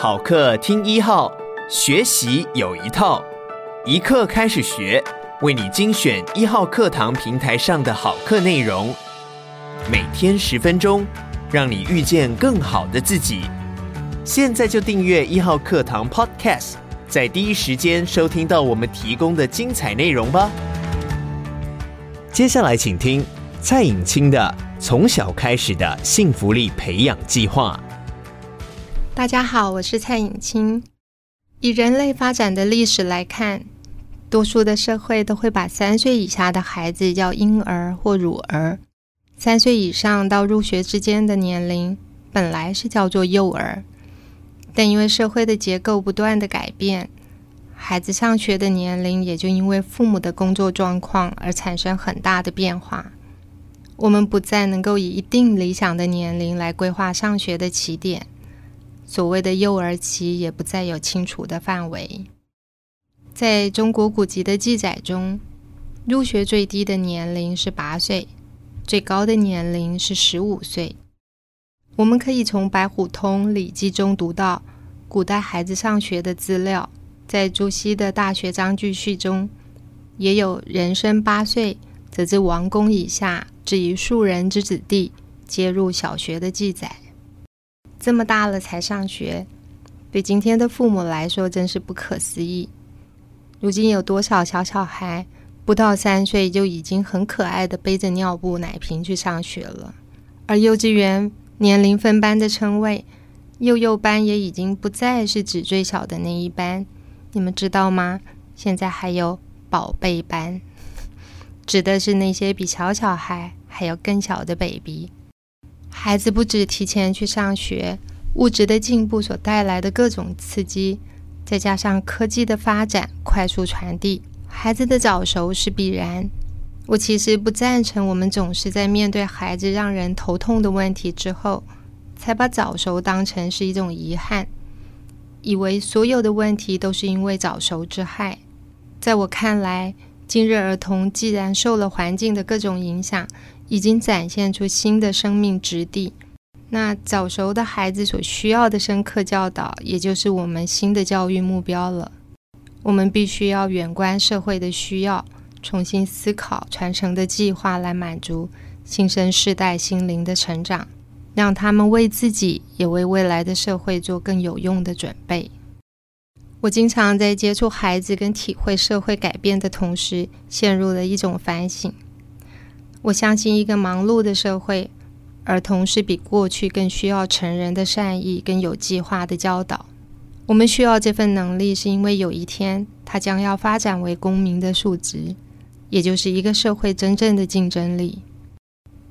好課聽一號，學習有一套，一課開始學，為你精選一號課堂平台上的好課內容，每天十分鐘，讓你遇見更好的自己。現在就訂閱一號課堂 Podcast，在第一時間收聽到我們提供的精彩內容吧。接下來請聽蔡穎卿的《從小開始的幸福力培養計劃》。大家好，我是蔡穎卿。以人類發展的歷史來看，多數的社會都會把三歲以下的孩子叫嬰兒或乳兒；三歲以上到入學之間的年齡本來是叫做幼兒，但因為社會的結構不斷的改變，孩子上學的年齡也就因為父母的工作狀況而產生很大的變化。我們不再能夠以一定理想的年齡來規劃上學的起點。所謂的幼兒期也不再有清楚的範圍。在中國古籍的記載中，入學最低的年齡是八歲，最高的年齡是十五歲。我們可以從《白虎通禮記》中讀到古代孩子上學的資料，在朱熹的《大學章句序》中，也有人生八歲，則至王公以下，至於庶人之子弟，皆入小學的記載。這麼大了才上學，對今天的父母來說真是不可思議。如今有多少小小孩不到三歲就已經很可愛的背着尿布、奶瓶去上學了？而幼稚園年齡分班的稱謂，幼幼班也已經不再是指最小的那一班，你們知道嗎？現在還有寶貝班，指的是那些比小小孩還要更小的 baby。孩子不止提前去上學，物質的進步所帶來的各種刺激，再加上科技的發展，快速傳遞，孩子的早熟是必然。我其實不贊成我們總是在面對孩子讓人頭痛的問題之後，才把早熟當成是一種遺憾，以為所有的問題都是因為早熟之害。在我看來，今日兒童既然受了環境的各種影響，已經展現出新的生命質地，那早熟的孩子所需要的深刻教導，也就是我們新的教育目標了。我們必須要遠觀社會的需要，重新思考傳承的計劃，來滿足新生世代心靈的成長，讓他們為自己，也為未來的社會做更有用的準備。我經常在接觸孩子跟體會社會改變的同時，陷入了一種反省。我相信，一個忙碌的社會，兒童是比過去更需要成人的善意跟有計劃的教導。我們需要這份能力，是因為有一天他將要發展為公民的素質，也就是一個社會真正的競爭力。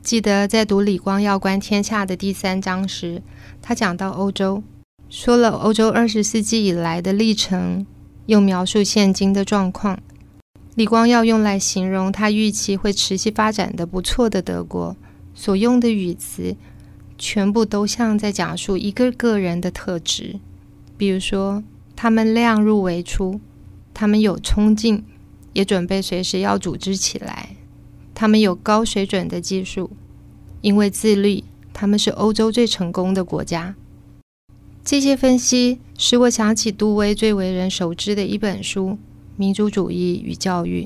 記得在讀李光耀《觀天下》的第三章時，他講到歐洲。說了歐洲二十世紀以來的歷程，又描述現今的狀況。李光耀用來形容他預期會持續發展得不錯的德國所用的語詞，全部都像在講述一個個人的特質。比如說，他們量入為出，他們有衝勁，也準備隨時要組織起來。他們有高水準的技術，因為自律，他們是歐洲最成功的國家。這些分析使我想起杜威最為人熟知的一本書《民主主義與教育》。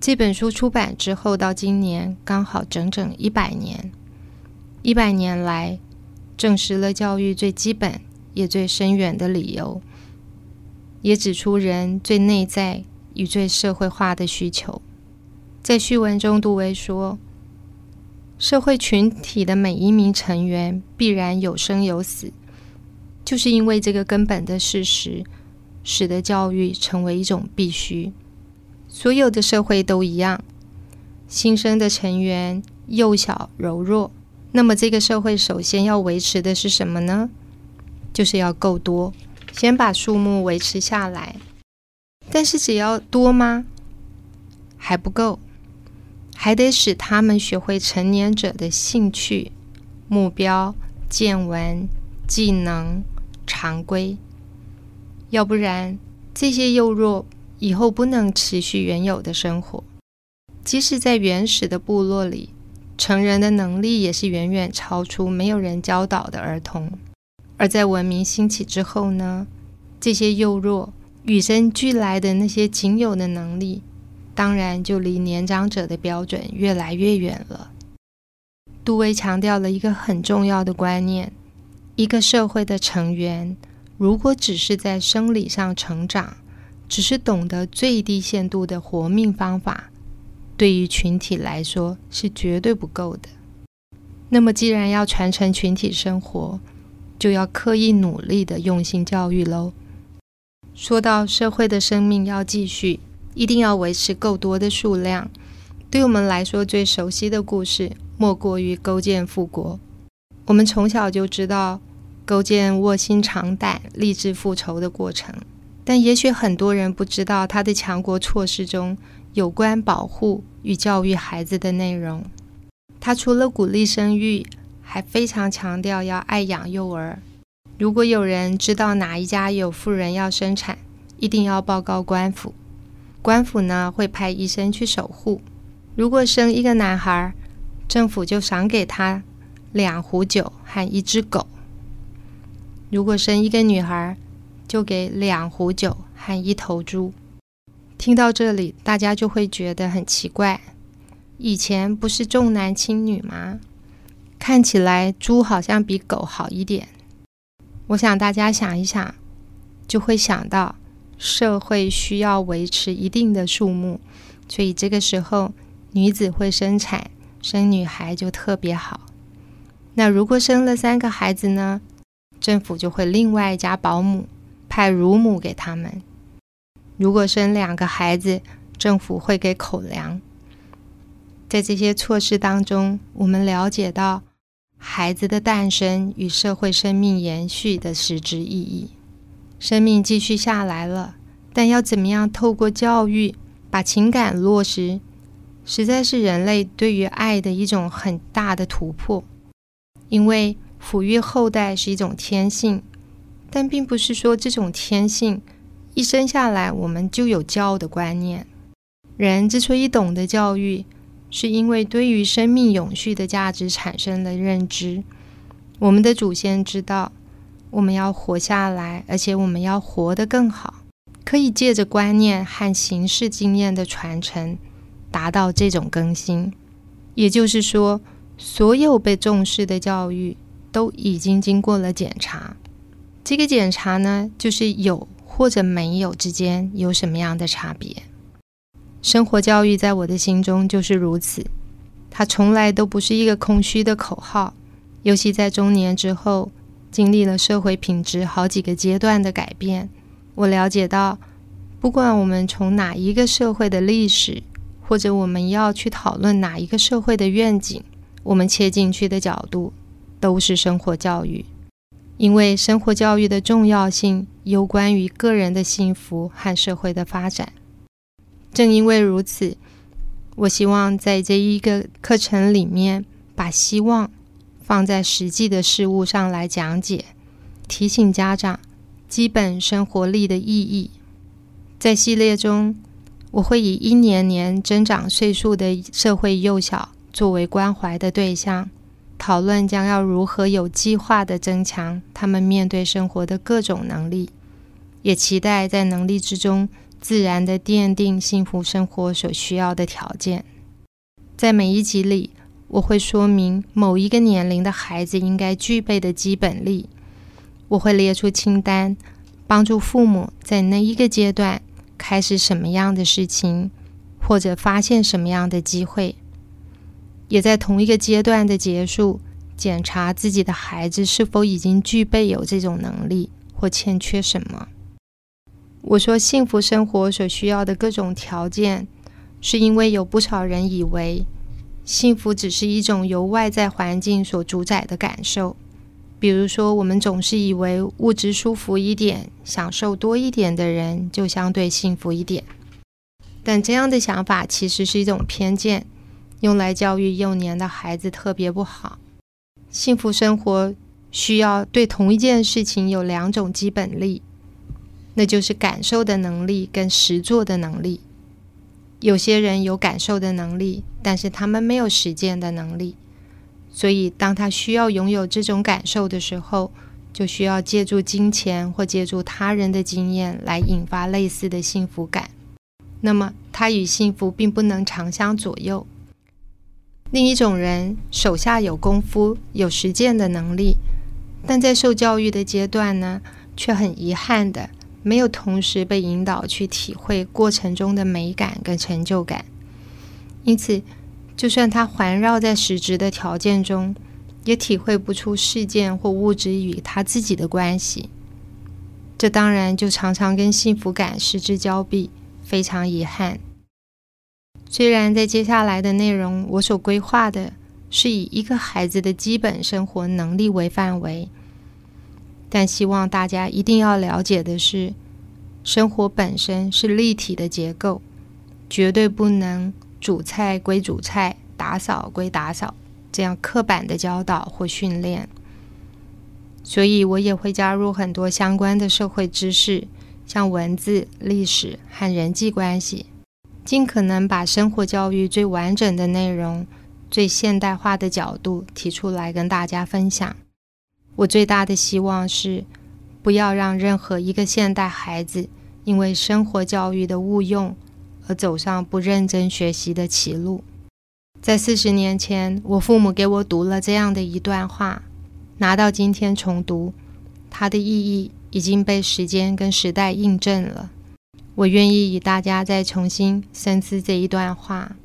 這本書出版之後，到今年剛好整整一百年。一百年來，證實了教育最基本也最深遠的理由，也指出人最內在與最社會化的需求。在序文中，杜威說：“社會群體的每一名成員必然有生有死。”就是因為這個根本的事實，使得教育成為一種必須。所有的社會都一樣，新生的成員幼小柔弱，那麼這個社會首先要維持的是什麼呢？就是要夠多，先把數目維持下來。但是只要多嗎？還不夠，還得使他們學會成年者的興趣、目標、見聞、技能。常規，要不然這些幼弱以後不能持續原有的生活。即使在原始的部落裡，成人的能力也是遠遠超出沒有人教導的兒童。而在文明興起之後呢，這些幼弱與生俱來的那些僅有的能力，當然就離年長者的標準越來越遠了。杜威強調了一個很重要的觀念。一個社會的成員，如果只是在生理上成長，只是懂得最低限度的活命方法，對於群體來說是絕對不夠的。那麼，既然要傳承群體生活，就要刻意努力的用心教育嘍。說到社會的生命要繼續，一定要維持夠多的數量。對我們來說，最熟悉的故事莫過於勾踐復國。我們從小就知道勾踐臥薪嘗膽，立志復仇的過程，但也許很多人不知道他的強國措施中有關保護與教育孩子的內容。他除了鼓勵生育，還非常強調要愛養幼兒。如果有人知道哪一家有婦人要生產，一定要報告官府。官府呢，會派醫生去守護。如果生一個男孩，政府就賞給他。兩壺酒和一隻狗。如果生一個女孩，就給兩壺酒和一頭豬。聽到這裡，大家就會覺得很奇怪：以前不是重男輕女嗎？看起來豬好像比狗好一點。我想大家想一想，就會想到社會需要維持一定的數目，所以這個時候女子會生產，生女孩就特別好。那如果生了三個孩子呢？政府就會另外加保姆，派乳母給他們。如果生兩個孩子，政府會給口糧。在這些措施當中，我們了解到孩子的誕生與社會生命延續的實質意義。生命繼續下來了，但要怎麼樣透過教育把情感落實，實在是人類對於愛的一種很大的突破。因為撫育後代是一種天性，但並不是說這種天性一生下來我們就有教的觀念。人之所以懂得教育，是因為對於生命永續的價值產生了認知。我們的祖先知道我們要活下來，而且我們要活得更好，可以借着觀念和形式經驗的傳承達到這種更新。也就是說。所有被重視的教育都已經經過了檢查，這個檢查呢，就是有或者沒有之間有什麼樣的差別。生活教育在我的心中就是如此，它從來都不是一個空虛的口號，尤其在中年之後，經歷了社會品質好幾個階段的改變，我了解到，不管我們從哪一個社會的歷史，或者我們要去討論哪一個社會的願景。我們切進去的角度都是生活教育，因為生活教育的重要性有關於個人的幸福和社會的發展。正因為如此，我希望在這一個課程裡面，把希望放在實際的事物上來講解，提醒家長基本生活力的意義。在系列中，我會以一年年增長歲數的社會幼小作為關懷的對象，討論將要如何有計劃地增強他們面對生活的各種能力，也期待在能力之中自然地奠定幸福生活所需要的條件。在每一集裡，我會說明某一個年齡的孩子應該具備的基本力，我會列出清單，幫助父母在那一個階段開始什麼樣的事情，或者發現什麼樣的機會，也在同一個階段的結束，檢查自己的孩子是否已經具備有這種能力，或欠缺什麼。我說，幸福生活所需要的各種條件，是因為有不少人以為，幸福只是一種由外在環境所主宰的感受。比如說，我們總是以為物質舒服一點、享受多一點的人就相對幸福一點，但這樣的想法其實是一種偏見。用來教育幼年的孩子特別不好。幸福生活需要對同一件事情有兩種基本力，那就是感受的能力跟實作的能力。有些人有感受的能力，但是他們沒有實踐的能力，所以當他需要擁有這種感受的時候，就需要借助金錢或借助他人的經驗來引發類似的幸福感。那麼，他與幸福並不能長相左右。另一種人手下有功夫、有實踐的能力，但在受教育的階段呢，卻很遺憾的沒有同時被引導去體會過程中的美感跟成就感。因此，就算他環繞在實質的條件中，也體會不出事件或物質與他自己的關係。這當然就常常跟幸福感失之交臂，非常遺憾。雖然在接下來的內容，我所規劃的是以一個孩子的基本生活能力為範圍，但希望大家一定要了解的是，生活本身是立體的結構，絕對不能煮菜歸煮菜，打掃歸打掃，這樣刻板的教導或訓練。所以我也會加入很多相關的社會知識，像文字、歷史和人際關係。盡可能把生活教育最完整的內容、最現代化的角度提出來跟大家分享。我最大的希望是，不要讓任何一個現代孩子因為生活教育的誤用而走上不認真學習的歧路。在四十年前，我父母給我讀了這樣的一段話，拿到今天重讀，它的意義已經被時間跟時代印證了。我願意與大家再重新深思這一段話：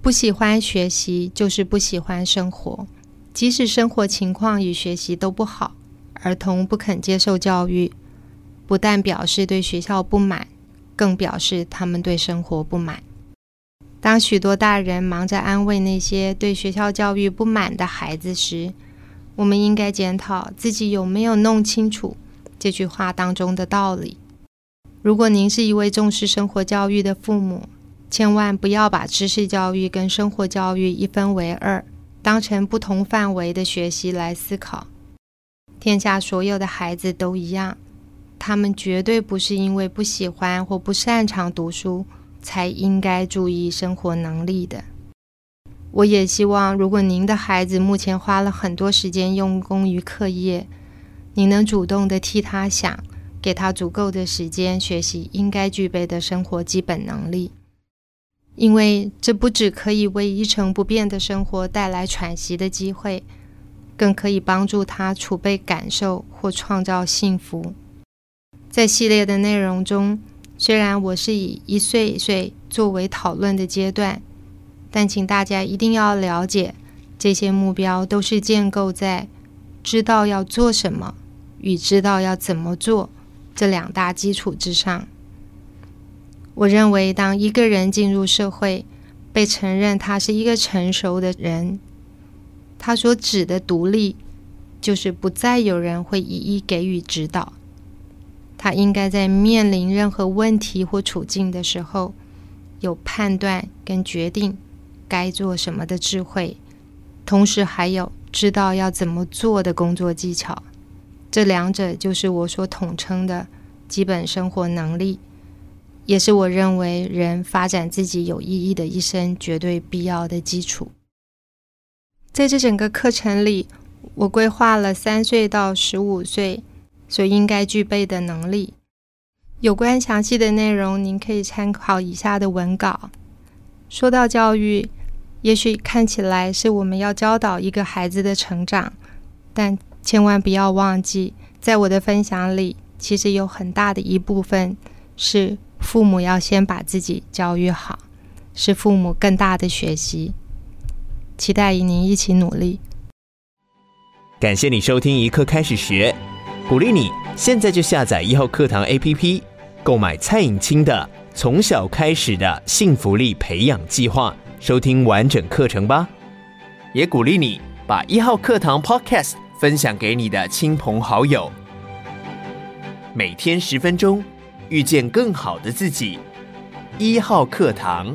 不喜歡學習，就是不喜歡生活。即使生活情況與學習都不好，兒童不肯接受教育，不但表示對學校不滿，更表示他們對生活不滿。當許多大人忙着安慰那些對學校教育不滿的孩子時，我們應該檢討自己有沒有弄清楚這句話當中的道理。如果您是一位重視生活教育的父母，千萬不要把知識教育跟生活教育一分為二，當成不同範圍的學習來思考。天下所有的孩子都一樣，他們絕對不是因為不喜歡或不擅長讀書，才應該注意生活能力的。我也希望，如果您的孩子目前花了很多時間用功於課業，您能主動地替他想。給他足夠的時間學習應該具備的生活基本能力，因為這不只可以為一成不變的生活帶來喘息的機會，更可以幫助他儲備感受或創造幸福。在系列的內容中，雖然我是以一歲一歲作為討論的階段，但請大家一定要了解，這些目標都是建構在知道要做什麼與知道要怎麼做這兩大基礎之上，我認為，當一個人進入社會，被承認他是一個成熟的人，他所指的獨立，就是不再有人會一一給予指導。他應該在面臨任何問題或處境的時候，有判斷跟決定該做什麼的智慧，同時還有知道要怎麼做的工作技巧。這兩者就是我所統稱的基本生活能力，也是我認為人發展自己有意義的一生絕對必要的基礎。在這整個課程裡，我規劃了三歲到十五歲所應該具備的能力。有關詳細的內容，您可以參考以下的文稿。說到教育，也許看起來是我們要教導一個孩子的成長，但千萬不要忘記，在我的分享裡，其實有很大的一部分是父母要先把自己教育好，是父母更大的學習。期待與您一起努力。感謝你收聽一課開始學，鼓勵你現在就下載一號課堂 APP，購買蔡穎卿的《從小開始的幸福力培養計劃》，收聽完整課程吧。也鼓勵你把一號課堂 Podcast，分享給你的親朋好友，每天十分鐘，遇見更好的自己。一號課堂。